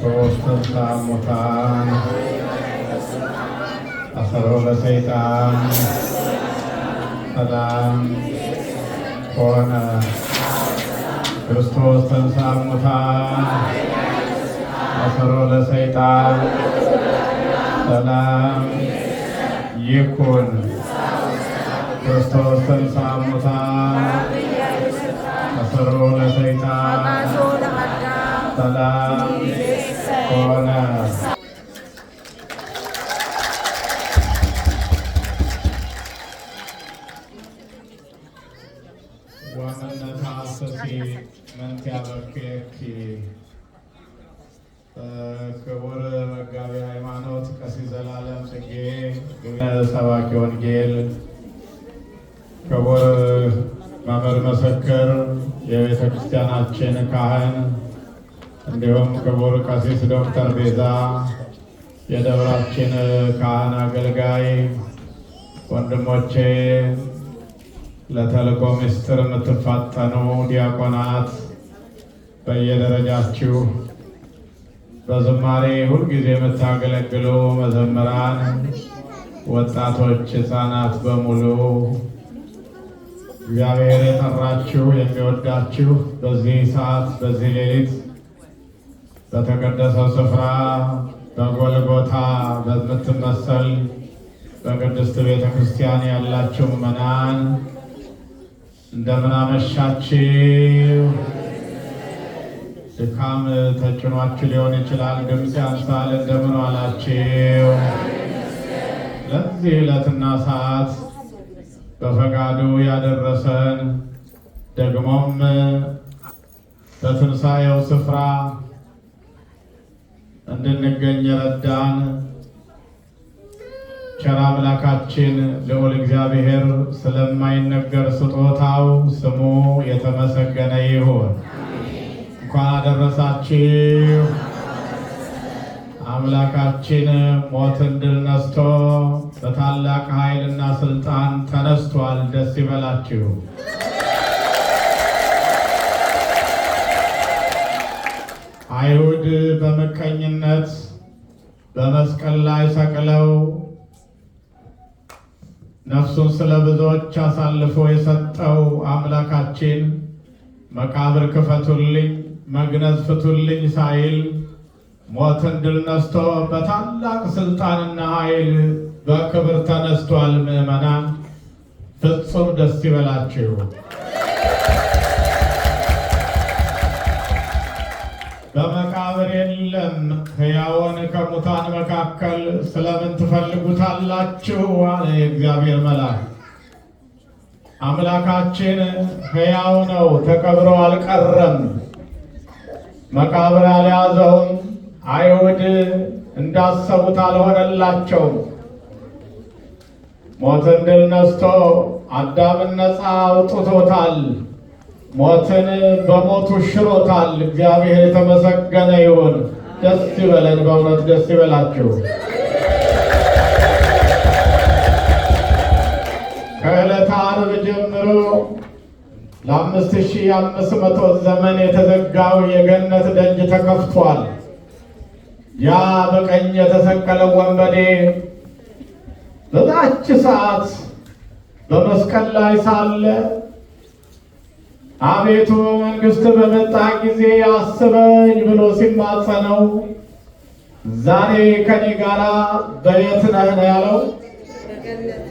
ክርስቶስ ተንሥአ እሙታን አሰሮ ለሰይጣን ሰላም ኮነ። ክርስቶስ ተንሥአ እሙታን አሰሮ ለሰይጣን ሰላም ይኩን። ክርስቶስ ተንሥአ እሙታን አሰሮ ለሰይጣን ሰላም Bwana. ክቡር መጋቢ ሃይማኖት ቀሲስ ዘላለም ጽጌ ሰባኪ ወንጌል፣ ክቡር መምህር መሰክር፣ የቤተ ክርስቲያናችን ካህን እንዲሁም ክቡር ቀሲስ ዶክተር ቤዛ የደብራችን ካህን አገልጋይ ወንድሞቼ፣ ለተልእኮ ምስጢር የምትፋጠኑ ዲያቆናት በየደረጃችሁ በዝማሬ ሁልጊዜ የምታገለግሉ መዘምራን፣ ወጣቶች፣ ሕፃናት በሙሉ እግዚአብሔር የጠራችሁ የሚወዳችሁ በዚህ ሰዓት በዚህ ሌሊት በተቀደሰው ስፍራ በጎልጎታ በምትመሰል በቅድስት ቤተ ክርስቲያን ያላችሁ ምዕመናን እንደምን አመሻችሁ። ድካም ተጭኗችሁ ሊሆን ይችላል፣ ድምፅ ያንሳል። እንደምን ዋላችሁ። ለዚህ ዕለትና ሰዓት በፈቃዱ ያደረሰን ደግሞም በትንሣኤው ስፍራ እንድንገኝ ረዳን ቸር አምላካችን ልዑል እግዚአብሔር ስለማይነገር ስጦታው ስሙ የተመሰገነ ይሁን። እንኳን አደረሳችሁ። አምላካችን ሞትን ድል ነስቶ በታላቅ ኃይልና ስልጣን ተነስቷል። ደስ ይበላችሁ። በምቀኝነት በመስቀል ላይ ሰቅለው ነፍሱን ስለ ብዙዎች አሳልፎ የሰጠው አምላካችን መቃብር ክፈቱልኝ፣ መግነዝ ፍቱልኝ ሳይል ሞትን ድል ነስቶ በታላቅ ስልጣንና ኃይል በክብር ተነስቷል። ምዕመናን ፍጹም ደስ ይበላችሁ። በመቃብር የለም ሕያውን ከሙታን መካከል ስለምን ትፈልጉታላችሁ? አለ የእግዚአብሔር መልአክ። አምላካችን ሕያው ነው፣ ተቀብሮ አልቀረም። መቃብር አልያዘውም። አይሁድ እንዳሰቡት አልሆነላቸው። ሞትን ድል ነስቶ አዳምን ነፃ አውጥቶታል። ሞትን በሞቱ ሽሮታል። እግዚአብሔር የተመሰገነ ይሁን። ደስ ይበለን፣ በእውነት ደስ ይበላችሁ። ከዕለተ ዓርብ ጀምሮ ለአምስት ሺህ አምስት መቶ ዘመን የተዘጋው የገነት ደጅ ተከፍቷል። ያ በቀኝ የተሰቀለው ወንበዴ በዛች ሰዓት በመስቀል ላይ ሳለ አቤቱ መንግሥት በመጣ ጊዜ አስበኝ ብሎ ሲማጸነው ዛሬ ከኔ ጋር በየት ነህ ነው ያለው?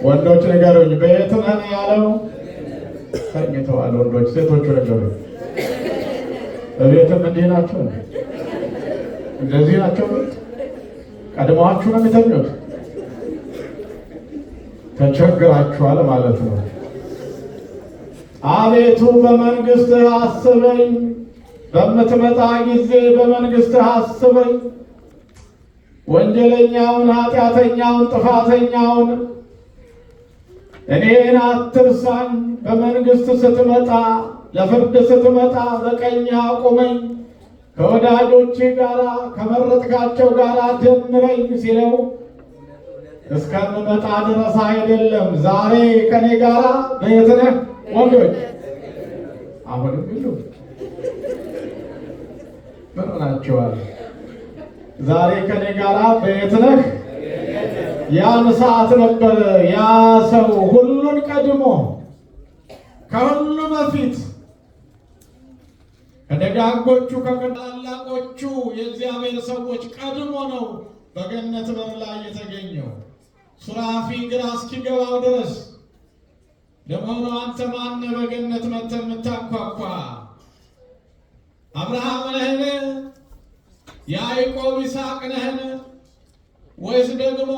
ወንዶች ነገሮች በየት ነህ ነው ያለው? ተኝተዋል ወንዶች። ሴቶቹ ነገሮች በቤትም እንዲህ ናቸው እንደዚህ ናቸው። ቀድመዋችሁ ነው የሚተኙት። ተቸግራችኋል ማለት ነው። አቤቱ በመንግሥትህ አስበኝ፣ በምትመጣ ጊዜ በመንግሥትህ አስበኝ። ወንጀለኛውን፣ ኃጢአተኛውን፣ ጥፋተኛውን እኔን አትርሳኝ። በመንግሥት ስትመጣ ለፍርድ ስትመጣ በቀኝ አቁመኝ፣ ከወዳጆቼ ጋር ከመረጥካቸው ጋር ደምረኝ ሲለው እስከምመጣ ድረስ አይደለም። ዛሬ ከኔ ጋራ በየት ነህ? ወንዶች አሁንም ይሉ ምን ሆናችኋል? ዛሬ ከኔ ጋራ በየት ነህ? ያን ሰዓት ነበር ያ ሰው ሁሉን ቀድሞ ከሁሉ በፊት ከደጋጎቹ ከታላላቆቹ የእግዚአብሔር ሰዎች ቀድሞ ነው በገነት በር ላይ የተገኘው። ሱራፊን ግን እስኪገባው ድረስ ለመሆኑ አንተ ማነ በገነት መተ የምታንኳኳ? አብርሃም ነህን? ያዕቆብ ይስሐቅ ነህን? ወይስ ደግሞ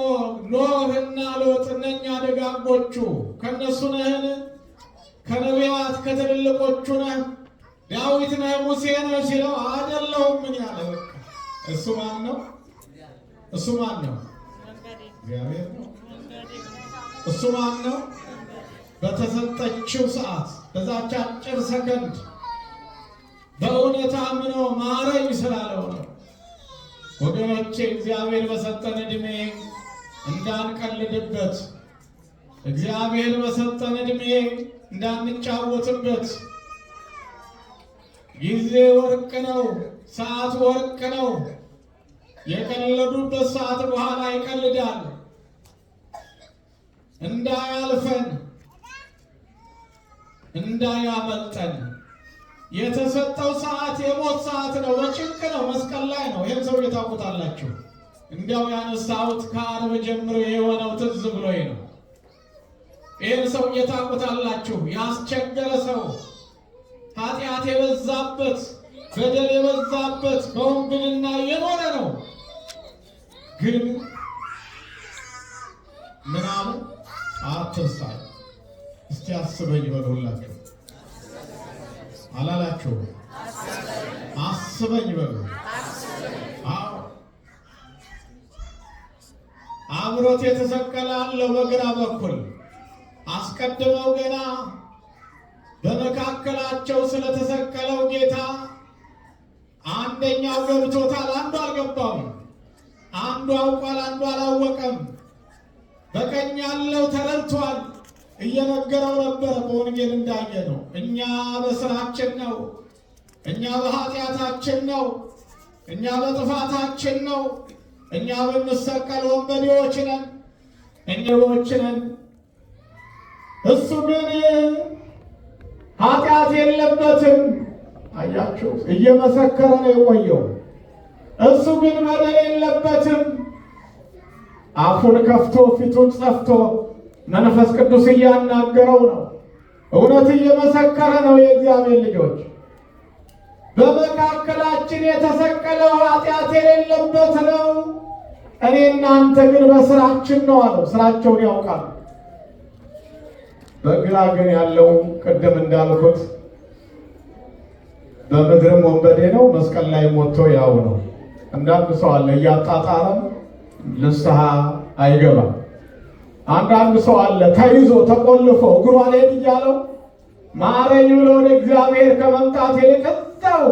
ኖህና ሎጥ እነኛ ደጋጎቹ ከእነሱ ነህን? ከነቢያት ከትልልቆቹ ነህ? ዳዊት ነህ? ሙሴ ነህ ሲለው አይደለሁም ምን ያለ እሱ ማን ነው? እሱ ማን ነው? እግዚአብሔር ነው። እሱ ማን ነው? በተሰጠችው ሰዓት በዛች አጭር ሰከንድ በእውነት አምኖ ማረኝ ስላለው ነው። ወገኖቼ እግዚአብሔር በሰጠን ዕድሜ እንዳንቀልድበት፣ እግዚአብሔር በሰጠን እድሜ እንዳንጫወትበት። ጊዜ ወርቅ ነው፣ ሰዓት ወርቅ ነው። የቀለዱበት ሰዓት በኋላ ይቀልዳል። እንዳያልፈን እንዳያመልጠን የተሰጠው ሰዓት የሞት ሰዓት ነው። በጭንቅ ነው፣ መስቀል ላይ ነው። ይህን ሰው ታውቁታላችሁ። እንዲያው ያነሳሁት ከአርብ ጀምሮ የሆነው ትዝ ብሎኝ ነው። ይህን ሰው ታውቁታላችሁ። ያስቸገረ ሰው፣ ኃጢአት የበዛበት በደል የበዛበት በወንብልና የኖረ ነው ግን ምናምን አትርሳ። እስቲ አስበኝ በሉላቸው አላላቸው አስበኝ በሉ። አብሮት የተሰቀለ አለው በግራ በኩል አስቀድመው ገና በመካከላቸው ስለተሰቀለው ጌታ አንደኛው ገብቶታል፣ አንዱ አልገባውም። አንዱ አውቋል፣ አንዱ አላወቀም። በቀኝ ያለው ተረድቷል እየነገረው ነበር። በወንጌል እንዳየ ነው። እኛ በስራችን ነው፣ እኛ በኃጢአታችን ነው፣ እኛ በጥፋታችን ነው፣ እኛ በምሰቀል ወንበዴዎች ነን፣ እኔዎች ነን። እሱ ግን ኃጢአት የለበትም። አያችሁ፣ እየመሰከረ ነው የቆየው። እሱ ግን በደል የለበትም አፉን ከፍቶ ፊቱን ጸፍቶ መንፈስ ቅዱስ እያናገረው ነው። እውነት እየመሰከረ ነው። የእግዚአብሔር ልጆች በመካከላችን የተሰቀለው ኃጢአት የሌለበት ነው። እኔ እናንተ ግን በስራችን ነው አለው። ስራቸውን ያውቃሉ። በግራ ግን ያለው ቅድም እንዳልኩት በምድርም ወንበዴ ነው፣ መስቀል ላይ ሞቶ ያው ነው። አንዳንድ ሰው አለ እያጣጣለም ንስሐ አይገባም። አንዳንድ ሰው አለ ተይዞ ተቆልፎ እግሯ አልሄድ እያለው ማረኝ ብሎ ወደ እግዚአብሔር ከመምጣት የለቀጣው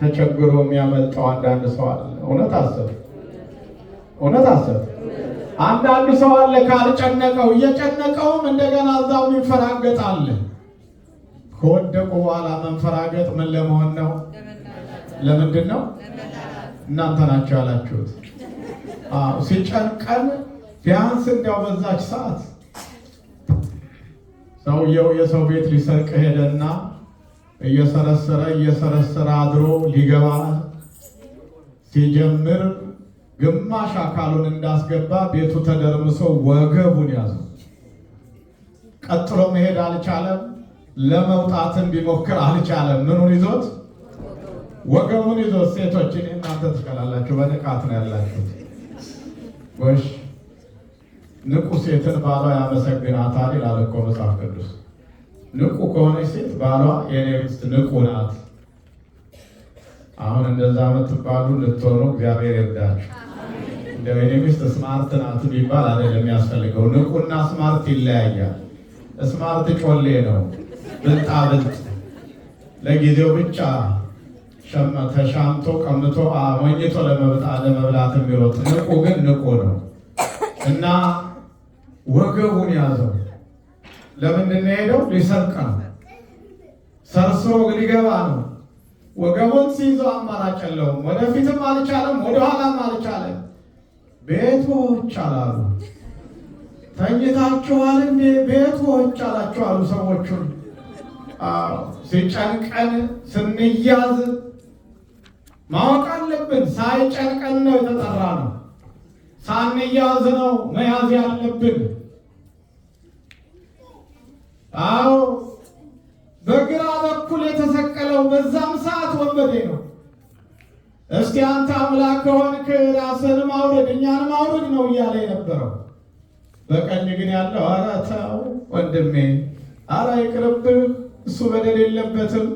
ተቸግሮ የሚያመልጠው አንዳንድ ሰው አለ። እውነት አሰብ እውነት አሰብ አንዳንድ ሰው አለ ካልጨነቀው እየጨነቀውም እንደገና እዛው የሚንፈራገጥ አለ። ከወደቁ በኋላ መንፈራገጥ ምን ለመሆን ነው? ለምንድን ነው? እናንተ ናቸው ያላችሁት። ሲጨንቀን ቢያንስ እንዲያው በዛች ሰዓት ሰውየው የሰው ቤት ሊሰርቅ ሄደና እየሰረሰረ እየሰረሰረ አድሮ ሊገባ ሲጀምር ግማሽ አካሉን እንዳስገባ ቤቱ ተደርምሶ ወገቡን ያዘ። ቀጥሎ መሄድ አልቻለም። ለመውጣትን ቢሞክር አልቻለም። ምኑን ይዞት? ወገቡን ይዞት። ሴቶችን እናንተ ትቀላላችሁ፣ በንቃት ነው ያላችሁት። ወሽ ንቁ ሴትን ባሏ ያመሰግናታል ይላል እኮ መጽሐፍ ቅዱስ። ንቁ ከሆነች ሴት ባሏ የኔ ሚስት ንቁ ናት። አሁን እንደዛ የምትባሉ ልትሆኑ እግዚአብሔር ይርዳችሁ። እንደ የኔ ሚስት ስማርት ናት ቢባል አይደለም የሚያስፈልገው። ንቁና ስማርት ይለያያል። ስማርት ጮሌ ነው፣ ብልጣብልጥ ለጊዜው ብቻ ተሻምቶ ቀምቶ አሞኝቶ ለመብላት የሚሮጥ ንቁ ግን ንቁ ነው እና ወገቡን ያዘው። ለምንድን ነው ሊሰርቅ ነው። ሰርስሮ ሊገባ ነው። ወገቡን ሲይዘው አማራጭ የለውም። ወደፊትም አልቻለም፣ ወደኋላም አልቻለም። ቤቶች አላሉ ተኝታችኋል እንዴ? ቤቶች አላችኋሉ ሰዎቹን ሲጨንቀን ስንያዝ ማወቅ አለብን። ሳይጨንቀን ነው የተጠራ ነው። ሳንያዝ ነው መያዝ ያለብን። አዎ በግራ በኩል የተሰቀለው በዛም ሰዓት ወንበዴ ነው። እስቲ አንተ አምላክ ከሆንክ ራስን ማውረድ እኛን ማውረድ ነው እያለ የነበረው። በቀኝ ግን ያለው ኧረ ተው ወንድሜ፣ አረ ይቅርብህ እሱ በደል የለበትም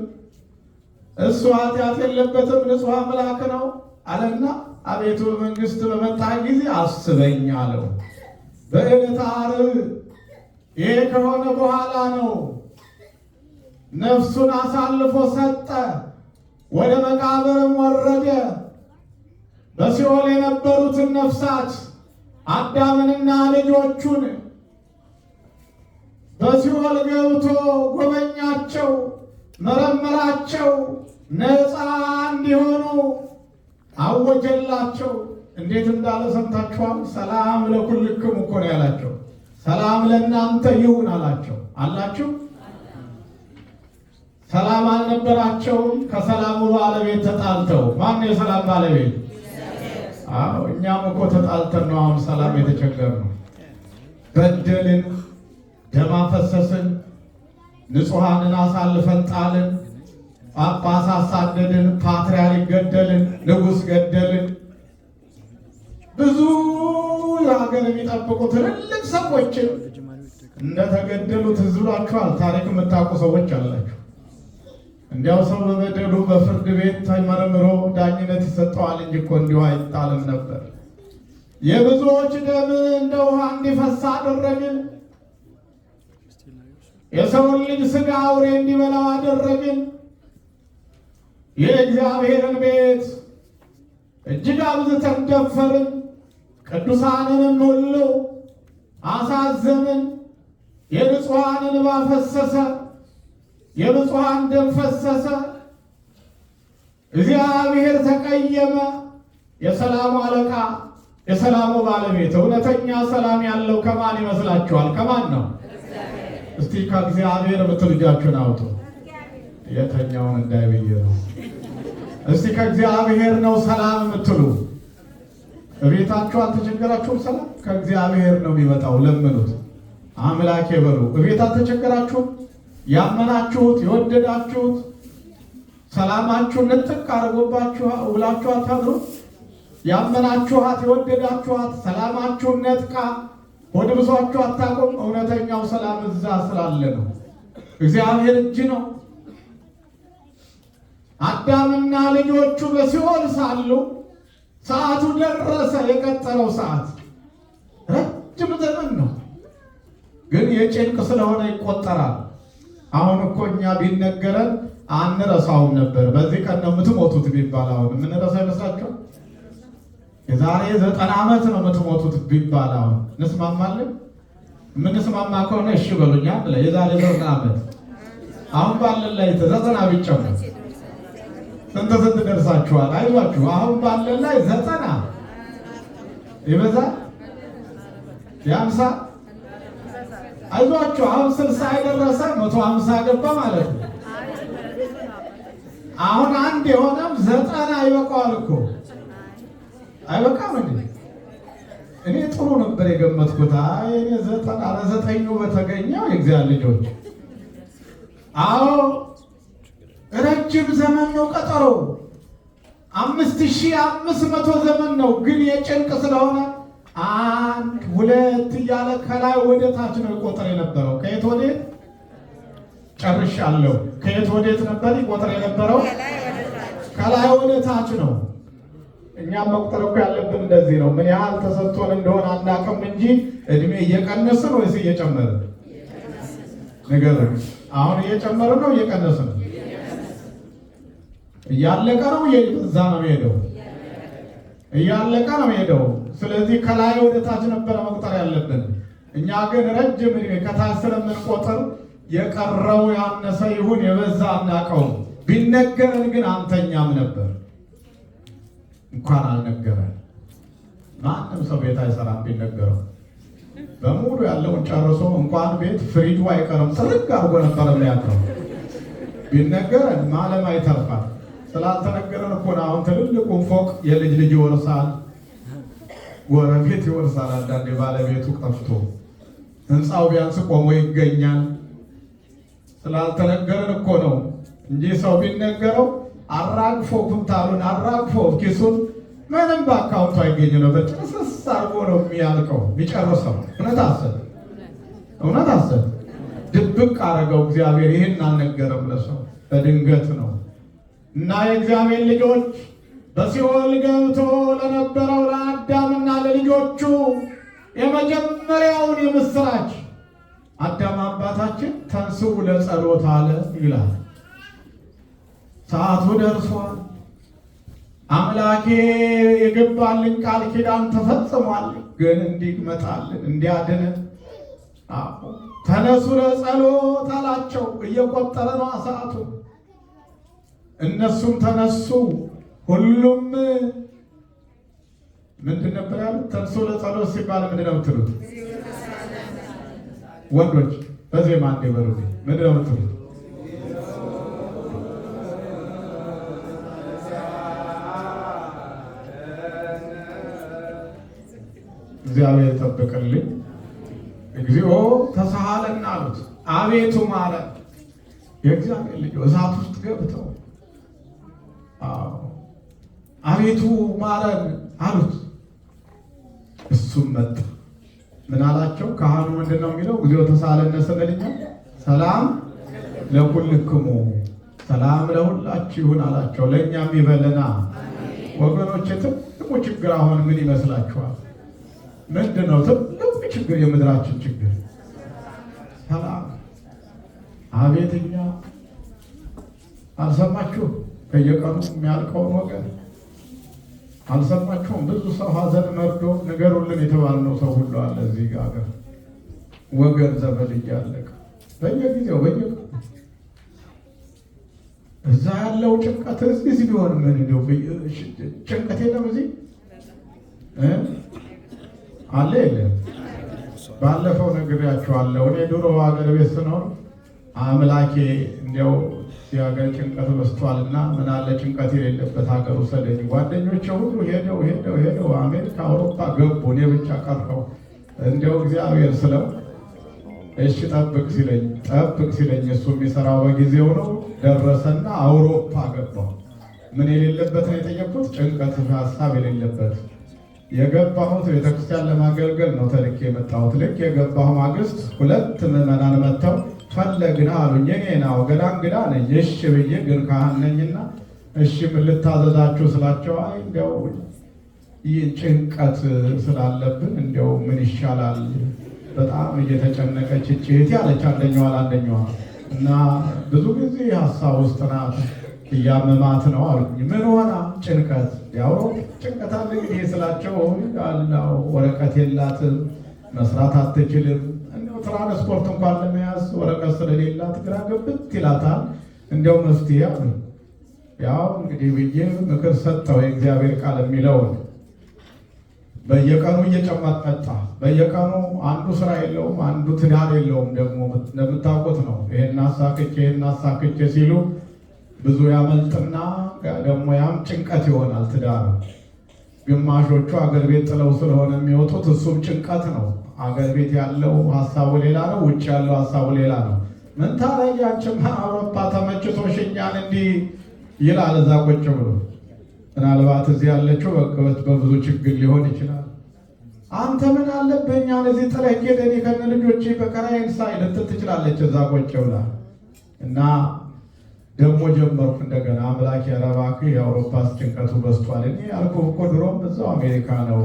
እሱ ኃጢአት የለበትም ንጹሕ አምላክ ነው አለና አቤቱ መንግስት በመጣ ጊዜ አስበኝ አለው። በዕለተ ዓርብ ይሄ ከሆነ በኋላ ነው ነፍሱን አሳልፎ ሰጠ። ወደ መቃብርም ወረደ። በሲኦል የነበሩትን ነፍሳት አዳምንና ልጆቹን በሲኦል ገብቶ ጎበኛቸው። መረመራቸው፣ ነፃ እንዲሆኑ አወጀላቸው። እንዴት እንዳለ ሰምታችኋል። ሰላም ለኩልክም እኮ ነው ያላቸው። ሰላም ለእናንተ ይሁን አላቸው። አላችሁ ሰላም አልነበራቸውም። ከሰላሙ ባለቤት ተጣልተው። ማን የሰላም ባለቤት? አዎ እኛም እኮ ተጣልተን ነው አሁን ሰላም የተቸገርነው። በደልን፣ ደማፈሰስን፣ ንጹሐንን አሳልፈን ጣልን፣ ጳጳስ አሳደድን፣ ፓትርያርክ ገደልን፣ ንጉሥ ገደልን። ብዙ የሀገር የሚጠብቁ ትልልቅ ሰዎችን እንደተገደሉት ዝሏቸዋል። ታሪክ የምታውቁ ሰዎች አላቸው። እንዲያው ሰው በበደሉ በፍርድ ቤት ተመርምሮ ዳኝነት ይሰጠዋል እንጂ እኮ እንዲሁ አይጣልም ነበር። የብዙዎች ደም እንደ ውሃ እንዲፈሳ አደረግን። የሰውን ልጅ ስጋ አውሬ እንዲበላው አደረግን። የእግዚአብሔርን ቤት እጅግ አብዝተን ደፈርን። ቅዱሳንንም ሁሉ አሳዘንን። የንጹሐን እንባ ፈሰሰ፣ የብፁሐን ደም ፈሰሰ። እግዚአብሔር ተቀየመ። የሰላሙ አለቃ የሰላሙ ባለቤት እውነተኛ ሰላም ያለው ከማን ይመስላችኋል? ከማን ነው? እስቲ ከእግዚአብሔር የምትልጃችሁን አውጡ። የተኛውን እንዳይብዬ ነው። እስቲ ከእግዚአብሔር ነው ሰላም የምትሉ እቤታችሁ አልተቸገራችሁም? ሰላም ከእግዚአብሔር ነው የሚመጣው። ለምኑት፣ አምላኬ በሉ። እቤት አልተቸገራችሁም? ያመናችሁት፣ የወደዳችሁት ሰላማችሁ ንጥቅ አድርጎባችሁ ውላችሁ አታድሩ። ያመናችኋት፣ የወደዳችኋት ሰላማችሁ ነጥቃ ወደ ብዙዎቹ አታውቁም። እውነተኛው ሰላም እዛ ስላለ ነው። እግዚአብሔር እጅ ነው። አዳምና ልጆቹ በሲኦል ሳሉ ሰዓቱ ደረሰ። የቀጠለው ሰዓት ረጅም ዘመን ነው፣ ግን የጭንቅ ስለሆነ ይቆጠራል። አሁን እኮ እኛ ቢነገረን አንረሳውም ነበር። በዚህ ቀን ነው የምትሞቱት ቢባል አሁን የምንረሳ ይመስላቸው የዛሬ ዘጠና ዓመት ነው የምትሞቱት ቢባል አሁን እንስማማለን? የምንስማማ ከሆነ እሺ በሉኛ ብለ የዛሬ ዘጠና ዓመት አሁን ባለን ላይ ዘጠና ብቻ ነው። ስንት ስንት ደርሳችኋል? አይዟችሁ። አሁን ባለን ላይ ዘጠና ይበዛ የአምሳ አይዟችሁ። አሁን ስልሳ የደረሰ መቶ አምሳ ገባ ማለት ነው። አሁን አንድ የሆነም ዘጠና ይበቃዋል እኮ አይበቃም እንዴ? እኔ ጥሩ ነበር የገመትኩት። አይ እኔ ዘጠና ለዘጠኙ በተገኘው የእግዚአብሔር ልጆች፣ አዎ ረጅም ዘመን ነው ቀጠሮ አምስት ሺህ አምስት መቶ ዘመን ነው። ግን የጭንቅ ስለሆነ አንድ ሁለት እያለ ከላይ ወደ ታች ነው ይቆጠር የነበረው። ከየት ወዴት ጨርሻለሁ። ከየት ወዴት ነበር ይቆጠር የነበረው? ከላይ ወደ ታች ነው። እኛም መቁጠር እኮ ያለብን እንደዚህ ነው። ምን ያህል ተሰጥቶን እንደሆነ አናውቅም እንጂ እድሜ እየቀነሰ ነው ወይስ እየጨመረ ነገር? አሁን እየጨመረ ነው እየቀነሰ ነው? እያለቀ ነው እዛ ነው የሄደው? እያለቀ ነው የሄደው። ስለዚህ ከላይ ወደ ታች ነበረ መቁጠር ያለብን። እኛ ግን ረጅም እድሜ ከታች ስለምንቆጥር የቀረው ያነሰ ይሁን የበዛ አናውቀውም። ቢነገረን ግን አንተኛም ነበር እንኳን አልነገረን። ማንም ሰው ቤት አይሰራም ቢነገረው በሙሉ ያለውን ጨርሶ እንኳን ቤት ፍሪጁ አይቀርም። ስርግ አድርጎ ነበር ያለው ቢነገረን ማለም አይተርፋል። ስላልተነገረን እኮ ነው አሁን ትልልቁን ፎቅ የልጅ ልጅ ይወርሳል፣ ጎረቤት ይወርሳል። አንዳንድ የባለቤቱ ቀፍቶ ህንፃው ቢያንስ ቆሞ ይገኛል። ስላልተነገረን እኮ ነው እንጂ ሰው ቢነገረው አራግፎ ኩንታሉን አራግፎ ኪሱን ምንም በአካውንቱ አይገኝ ነው። በጥርስስ አርጎ ነው የሚያልቀው የሚጨርሰው። እውነት አሰብ እውነት አሰብ ድብቅ አረገው እግዚአብሔር። ይህን አልነገረም ለሰው በድንገት ነው እና የእግዚአብሔር ልጆች በሲኦል ገብቶ ለነበረው ለአዳምና ለልጆቹ የመጀመሪያውን የምስራች አዳም አባታችን ተንሥኡ ለጸሎት አለ ይላል። ሰዓቱ ደርሷል። አምላኬ የገባልን ቃል ኪዳን ተፈጽሟል። ግን እንዲመጣልን እንዲያድንን ተነሱ ለጸሎት አላቸው። እየቆጠረ ነው ሰዓቱ። እነሱም ተነሱ። ሁሉም ምንድን ነበር ያሉት? ተነሱ ለጸሎት ሲባል ምንድን ነው የምትሉት? ወንዶች በዜማ እንዲበሉ ምንድን ነው የምትሉት? እግዚአብሔር ጠብቅልኝ። እግዚኦ ተሳሃለና አሉት። አቤቱ ማረ። የእግዚአብሔር ልጅ እሳት ውስጥ ገብተው አቤቱ ማረን አሉት። እሱም መጣ። ምን አላቸው? ካህኑ ምንድን ነው የሚለው? እግዚኦ ተሳሃለነ ስለልኛ ሰላም ለኩልክሙ ሰላም ለሁላችሁ ይሁን አላቸው። ለእኛም ይበለና ወገኖች፣ ትልቁ ችግር አሁን ምን ይመስላችኋል? ምንድን ነው ትልቁ ችግር? የምድራችን ችግር ሰላም። አቤትኛ እኛ አልሰማችሁ? በየቀኑ የሚያልቀውን ወገን አልሰማችሁም? ብዙ ሰው ሀዘን መርዶ ንገሩልን የተባልነው ሰው ሁሉ አለ እዚህ ጋር ወገን ዘመድ እያለቀ በየጊዜው በየቀኑ እዛ ያለው ጭንቀት እዚህ ቢሆን ምን እንደው ጭንቀት የለም እዚህ አለ የለም። ባለፈው ነግሬያችኋለሁ። እኔ ድሮ ሀገር ቤት ስኖር አምላኬ እንዲያው የሀገር ጭንቀት በዝቷልና ምን አለ ጭንቀት የሌለበት ሀገር ውሰደኝ። ጓደኞቼ ሁሉ ሄደው ሄደው ሄደው አሜሪካ፣ አውሮፓ ገቡ። እኔ ብቻ ቀረው። እንዲያው እግዚአብሔር ስለው እሺ ጠብቅ ሲለኝ ጠብቅ ሲለኝ እሱ የሚሰራው በጊዜው ነው። ደረሰና አውሮፓ ገባው። ምን የሌለበት ነው የጠየቁት? ጭንቀት ሀሳብ የሌለበት የገባሁት ቤተክርስቲያን ለማገልገል ነው ተልኬ የመጣሁት። ልክ የገባሁ ማግስት ሁለት ምዕመናን መጥተው ፈለግና አሉኝ። እኔ ናው ገና እንግዳ ነ እሺ ብዬ ግን ካህን ነኝና እሺ ምን ልታዘዛችሁ ስላቸው አይ እንዲያው ይህ ጭንቀት ስላለብን እንዲያው ምን ይሻላል በጣም እየተጨነቀች እህቴ አለች አንደኛዋ ለአንደኛዋ እና ብዙ ጊዜ ሀሳብ ውስጥ ናት እያመማት ነው አሉኝ። ምን ሆና? ጭንቀት ያውሮ ጭንቀት አለ እንግዲህ ስላቸው ያው ወረቀት የላትም መስራት አትችልም። እንዲያው ትራንስፖርት እንኳን ለመያዝ ወረቀት ስለሌላት ግራ ገብት ይላታል። እንዲያው መፍትሄ አሉ ያው እንግዲህ ብዬ ምክር ሰጠው። የእግዚአብሔር ቃል የሚለውን በየቀኑ እየጨመት መጣ። በየቀኑ አንዱ ስራ የለውም፣ አንዱ ትዳር የለውም። ደግሞ እንደምታውቁት ነው ይሄን አሳክቼ ይሄን አሳክቼ ሲሉ ብዙ ያመልጥና ደግሞ ያም ጭንቀት ይሆናል ትዳር። ግማሾቹ አገር ቤት ጥለው ስለሆነ የሚወጡት እሱም ጭንቀት ነው። አገር ቤት ያለው ሀሳቡ ሌላ ነው፣ ውጭ ያለው ሀሳቡ ሌላ ነው። ምን ታረያችም አውሮፓ ተመችቶሽ እኛን እንዲህ ይላል እዛ ቁጭ ብሎ። ምናልባት እዚህ ያለችው በቅበት በብዙ ችግር ሊሆን ይችላል። አንተ ምን አለብህ እዚህ ጥለህ ሄደህ ከነ ልጆቼ በከራዬን ሳይ ልትል ትችላለች እዛ ቁጭ ብላ እና ደግሞ ጀመርኩ እንደገና አምላክ ያረባክ የአውሮፓ ስጭንቀቱ በዝቷል። እኔ ያልኩህ እኮ ድሮም እዛው አሜሪካ ነው።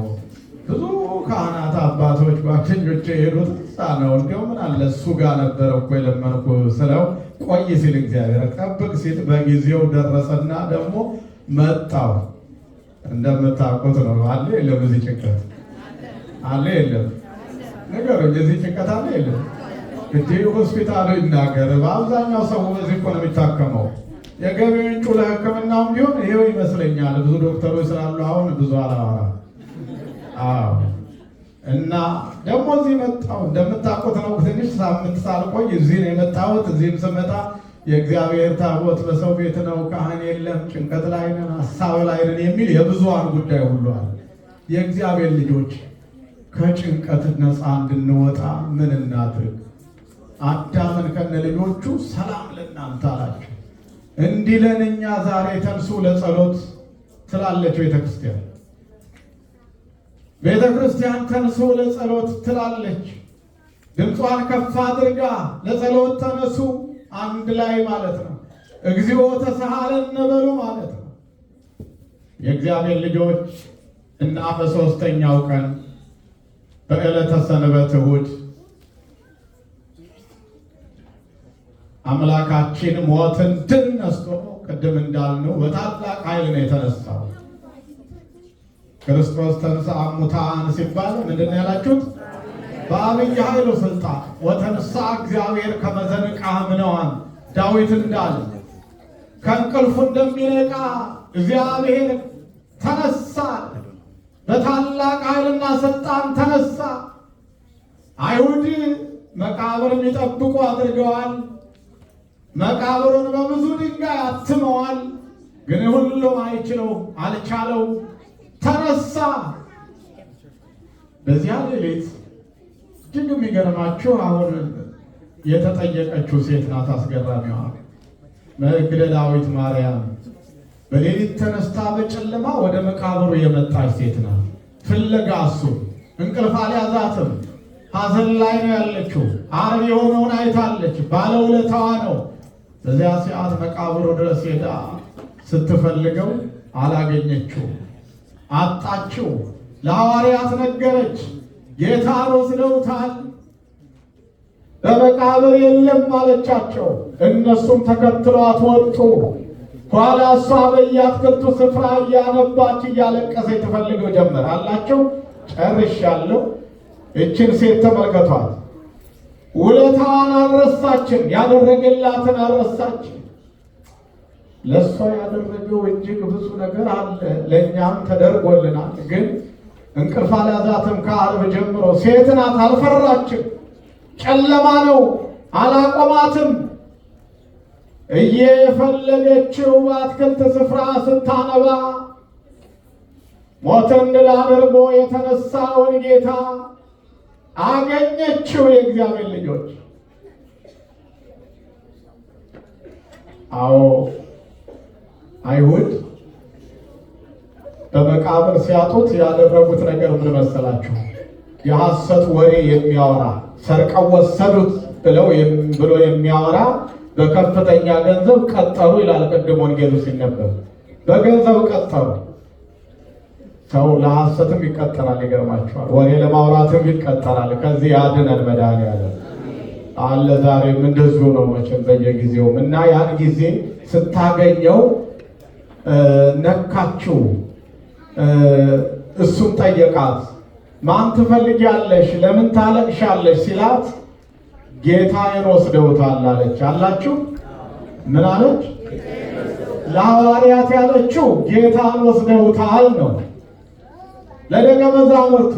ብዙ ካህናት አባቶች ጓደኞቼ የሄዱት እዛ ነው። እንዲያው ምን አለ እሱ ጋር ነበረ እኮ የለመንኩ ስለው ቆይ ሲል እግዚአብሔር ጠብቅ ሲል በጊዜው ደረሰና ደግሞ መጣው። እንደምታውቁት ነው አለ የለም እዚህ ጭንቀት አለ የለም ነገር እዚህ ጭንቀት አለ የለም ግድይ ሆስፒታሉ ይናገር። በአብዛኛው ሰው በዚህ እኮ ነው የሚታከመው። የገቢ ምንጩ ለሕክምናም ቢሆን ይሄው ይመስለኛል። ብዙ ዶክተሮች ስላሉ አሁን ብዙ አላወራ። አዎ እና ደግሞ እዚህ መጣሁ። እንደምታውቁት ነው ትንሽ ሳምንት ሳልቆይ እዚህ ነው የመጣሁት። እዚህም ስመጣ የእግዚአብሔር ታቦት በሰው ቤት ነው፣ ካህን የለም፣ ጭንቀት ላይ ነን፣ ሀሳብ ላይ ነን የሚል የብዙሃን ጉዳይ ሁሉ አለ። የእግዚአብሔር ልጆች ከጭንቀት ነፃ እንድንወጣ ምን እናድርግ? አዳምን ከነ ልጆቹ ሰላም ለእናንተ አላቸው። እንዲለን እኛ ዛሬ ተንሱ ለጸሎት ትላለች ቤተ ክርስቲያን። ቤተ ክርስቲያን ተንሱ ለጸሎት ትላለች። ድምጿን ከፍ አድርጋ ለጸሎት ተነሱ፣ አንድ ላይ ማለት ነው። እግዚኦ ተሳሃለን ነበሩ ማለት ነው። የእግዚአብሔር ልጆች እና በሶስተኛው ቀን በዕለተ ሰንበት እሑድ አምላካችን ሞትን ድል ነስቶ ቅድም እንዳልነው በታላቅ ኃይል ነው የተነሳው። ክርስቶስ ተንሥአ እሙታን ሲባል ምንድን ነው ያላችሁት? በአብይ ኃይሉ ስልጣን ወተንሥአ እግዚአብሔር ከመ ዘንቃህ እምነዋን ዳዊት እንዳለ ከእንቅልፉ እንደሚነቃ እግዚአብሔር ተነሳ፣ በታላቅ ኃይልና ስልጣን ተነሳ። አይሁድ መቃብር የሚጠብቁ አድርገዋል። መቃብሩን በብዙ ድንጋይ አትመዋል፣ ግን ሁሉም አይችለው አልቻለው ተነሳ። በዚያ ሌሊት እጅግ የሚገርማችሁ አሁን የተጠየቀችው ሴት ናት። አስገራሚዋ መግደላዊት ማርያም በሌሊት ተነስታ በጨለማ ወደ መቃብሩ የመጣች ሴት ናት። ፍለጋ እሱ እንቅልፍ አልያዛትም። ሐዘን ላይ ነው ያለችው። ዓርብ የሆነውን አይታለች። ባለውለታዋ ነው። በዚያ ሰዓት መቃብር ድረስ ሄዳ ስትፈልገው አላገኘችው፣ አጣችው። ለሐዋርያት ነገረች። ጌታን ወስደውታል፣ በመቃብር የለም አለቻቸው። እነሱም ተከትሏት ወጡ። ኋላ እሷ በየአትክልቱ ስፍራ እያነባች እያለቀሰ የተፈልገው ጀመር አላቸው። ጨርሻለሁ። እችን ሴት ተመልከቷል። ውለታን አልረሳችም፣ ያደረገላትን አልረሳችም። ለእሷ ያደረገው እጅግ ብዙ ነገር አለ፣ ለእኛም ተደርጎልናል። ግን እንቅልፍ አልያዛትም። ከዓርብ ጀምሮ ሴት ናት፣ አልፈራችም። ጨለማ ነው፣ አላቆማትም። እየፈለገችው በአትክልት ስፍራ ስታነባ ሞትን ድል አድርጎ የተነሳውን ጌታ አገኘችው። የእግዚአብሔር ልጆች አዎ አይሁድ በመቃብር ሲያጡት ያደረጉት ነገር ምን መሰላችሁ? የሐሰት ወሬ የሚያወራ ሰርቀው ወሰዱት ብለው ብሎ የሚያወራ በከፍተኛ ገንዘብ ቀጠሩ ይላል። ቅድም ወንጌሉ ሲነበብ በገንዘብ ቀጠሩ። ሰው ለሐሰትም ይቀጠራል። ይገርማቸዋል። ወሬ ለማውራትም ይቀጠራል። ከዚህ ያድነን መድኃኒዓለም አለ። ዛሬም እንደዚሁ ነው መቼም በየጊዜውም እና ያን ጊዜ ስታገኘው ነካችው። እሱም ጠየቃት ማን ትፈልጊያለሽ? ለምን ታለቅሻለሽ? ሲላት ጌታዬን ወስደውታል አለች። አላችሁ ምን አለች? ለሐዋርያት ያለችው ጌታን ወስደውታል ነው። ለደቀ መዛሙርቱ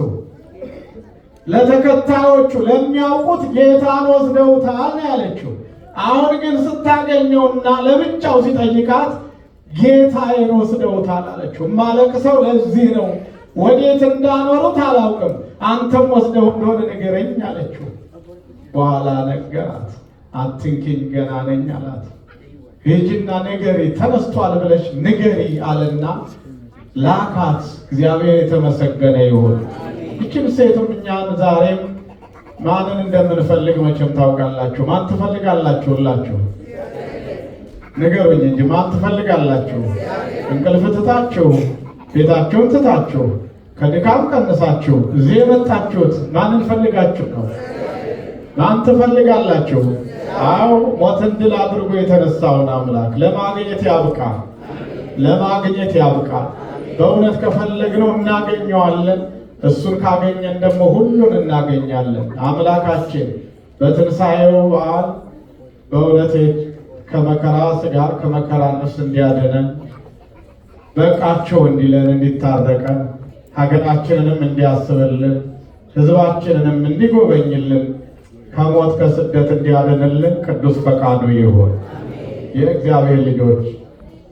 ለተከታዮቹ ለሚያውቁት ጌታን ወስደውታል ያለችው። አሁን ግን ስታገኘውና ለብቻው ሲጠይቃት ጌታዬን ወስደውታል አለችው። ማለቅሰው ለዚህ ነው። ወዴት እንዳኖሩት አላውቅም፣ አንተም ወስደው እንደሆነ ንገረኝ አለችው። በኋላ ነገራት። አትንኪኝ ገና ነኝ አላት። ሂጂና ንገሪ፣ ተነስቷል ብለሽ ንገሪ አለና ላካት። እግዚአብሔር የተመሰገነ ይሁን። ይችም ሴትም እኛን ዛሬም ማንን እንደምንፈልግ መቼም ታውቃላችሁ። ማን ትፈልጋላችሁ? ሁላችሁ ንገሩኝ እንጂ ማን ትፈልጋላችሁ? እንቅልፍ ትታችሁ ቤታችሁን ትታችሁ ከድካም ቀንሳችሁ እዚህ የመጣችሁት ማንን ፈልጋችሁ ነው? ማን ትፈልጋላችሁ? አዎ ሞትን ድል አድርጎ የተነሳውን አምላክ ለማግኘት ያብቃ፣ ለማግኘት ያብቃ። በእውነት ከፈለግነው እናገኘዋለን። እሱን ካገኘን ደግሞ ሁሉን እናገኛለን። አምላካችን በትንሣኤው በዓል በእውነት ከመከራ ስጋር ከመከራ ነፍስ እንዲያድነን በቃቸው እንዲለን እንዲታረቀን ሀገራችንንም እንዲያስብልን ሕዝባችንንም እንዲጎበኝልን ከሞት ከስደት እንዲያድንልን ቅዱስ ፈቃዱ ይሁን። የእግዚአብሔር ልጆች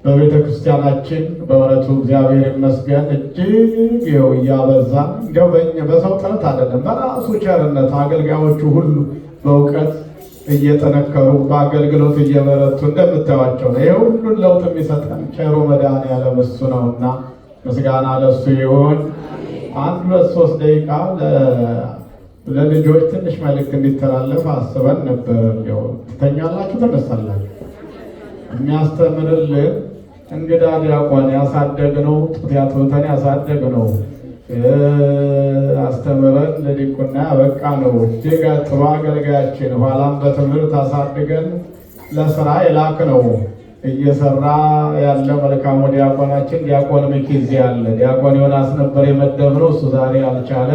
በቤተ ክርስቲያናችን በእውነቱ እግዚአብሔር ይመስገን እጅግ ይኸው እያበዛ እንዲያው በሰው ጥረት አይደለም፣ በራሱ ቸርነት አገልጋዮቹ ሁሉ በእውቀት እየጠነከሩ በአገልግሎት እየበረቱ እንደምታዩቸው ነው። ይህ ሁሉን ለውጥ የሚሰጠን ቸሩ መድኃኔዓለም እሱ ነውና ምስጋና ለሱ ይሁን። አንድ ሁለት ሶስት ደቂቃ ለልጆች ትንሽ መልእክት እንዲተላለፍ አስበን ነበር። ትተኛላችሁ፣ ተነሳላችሁ። የሚያስተምርልን እንግዳ ዲያቆን ያሳደግነው ጡት ያሳደግ ነው አስተምረን ለዲቁና በቃ ነው። እጅግ ጥሩ አገልጋያችን ኋላም በትምህርት አሳድገን ለስራ የላክ ነው። እየሰራ ያለ መልካሙ ዲያቆናችን ዲያቆን ሚኪዝ ያለ ዲያቆን ዮናስ ነበር የመደብነው እሱ ዛሬ አልቻለም።